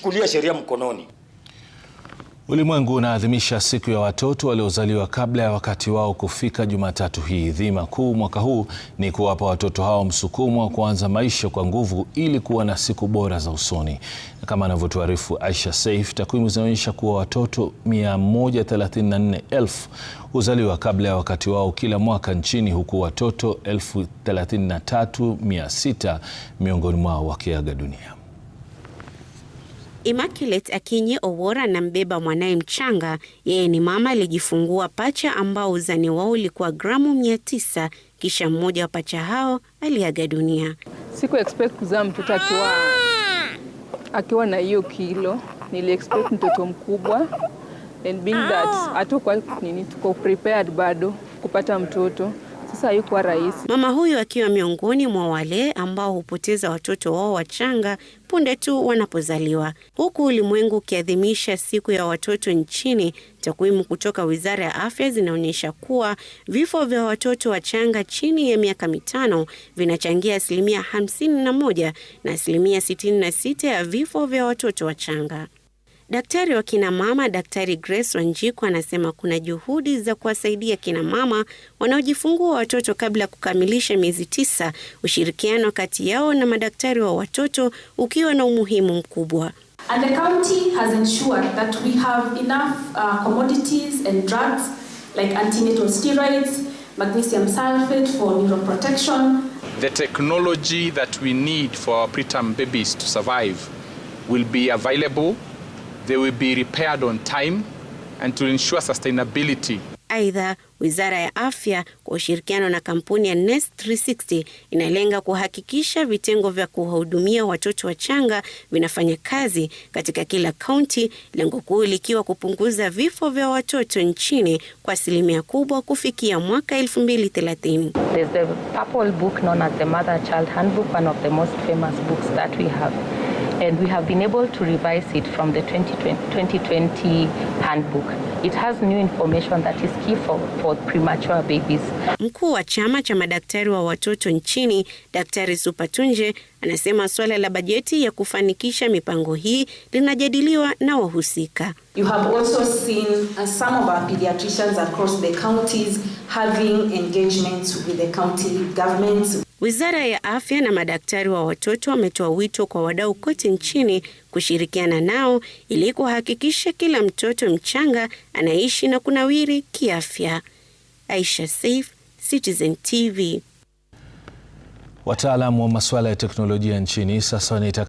kuchukulia sheria mkononi. Ulimwengu unaadhimisha siku ya watoto waliozaliwa kabla ya wakati wao kufika Jumatatu hii. Dhima kuu mwaka huu ni kuwapa watoto hao msukumo wa kuanza maisha kwa nguvu ili kuwa na siku bora za usoni. Kama anavyotuarifu Aisha Saif, takwimu zinaonyesha kuwa watoto 134,000 huzaliwa kabla ya wakati wao kila mwaka nchini, huku watoto 33,600 miongoni mwao wakiaga dunia. Immaculate Akinyi Owora anambeba mwanaye mchanga. Yeye ni mama alijifungua pacha ambao uzani wao ulikuwa gramu mia tisa, kisha mmoja wa pacha hao aliaga dunia. Siku expect kuzaa mtoto akiwa akiwa na hiyo kilo, nili expect mtoto mkubwa and being that hatukuwa nini, tuko prepared bado kupata mtoto sasa haikuwa rahisi. Mama huyu akiwa miongoni mwa wale ambao hupoteza watoto wao wachanga punde tu wanapozaliwa. Huku ulimwengu ukiadhimisha siku ya watoto nchini, takwimu kutoka Wizara ya Afya zinaonyesha kuwa vifo vya watoto wachanga chini ya miaka mitano vinachangia asilimia 51 na asilimia 66 ya vifo vya watoto wachanga. Daktari wa kinamama Daktari Grace Wanjiku anasema kuna juhudi za kuwasaidia kinamama wanaojifungua watoto kabla ya kukamilisha miezi tisa, ushirikiano kati yao na madaktari wa watoto ukiwa na umuhimu mkubwa. And the county has ensured that we have enough uh, commodities and drugs like antenatal steroids, magnesium sulfate for neuroprotection. The technology that we need for our preterm babies to survive will be available They will be repaired on time and to ensure sustainability. Aidha, Wizara ya Afya kwa ushirikiano na kampuni ya Nest 360 inalenga kuhakikisha vitengo vya kuwahudumia watoto wachanga vinafanya kazi katika kila kaunti, lengo kuu likiwa kupunguza vifo vya watoto nchini kwa asilimia kubwa kufikia mwaka 2030 and we have been able to revise it from the 2020, handbook. It has new information that is key for, for premature babies. Mkuu wa chama cha madaktari wa watoto nchini, Daktari Supatunje, anasema swala la bajeti ya kufanikisha mipango hii linajadiliwa na wahusika. You have also seen uh, some of our pediatricians across the counties having engagements with the county governments. Wizara ya Afya na madaktari wa watoto wametoa wito kwa wadau kote nchini kushirikiana nao ili kuhakikisha kila mtoto mchanga anaishi na kunawiri kiafya. Aisha Saif, Citizen TV. Wataalamu wa masuala ya teknolojia nchini sasa wanaita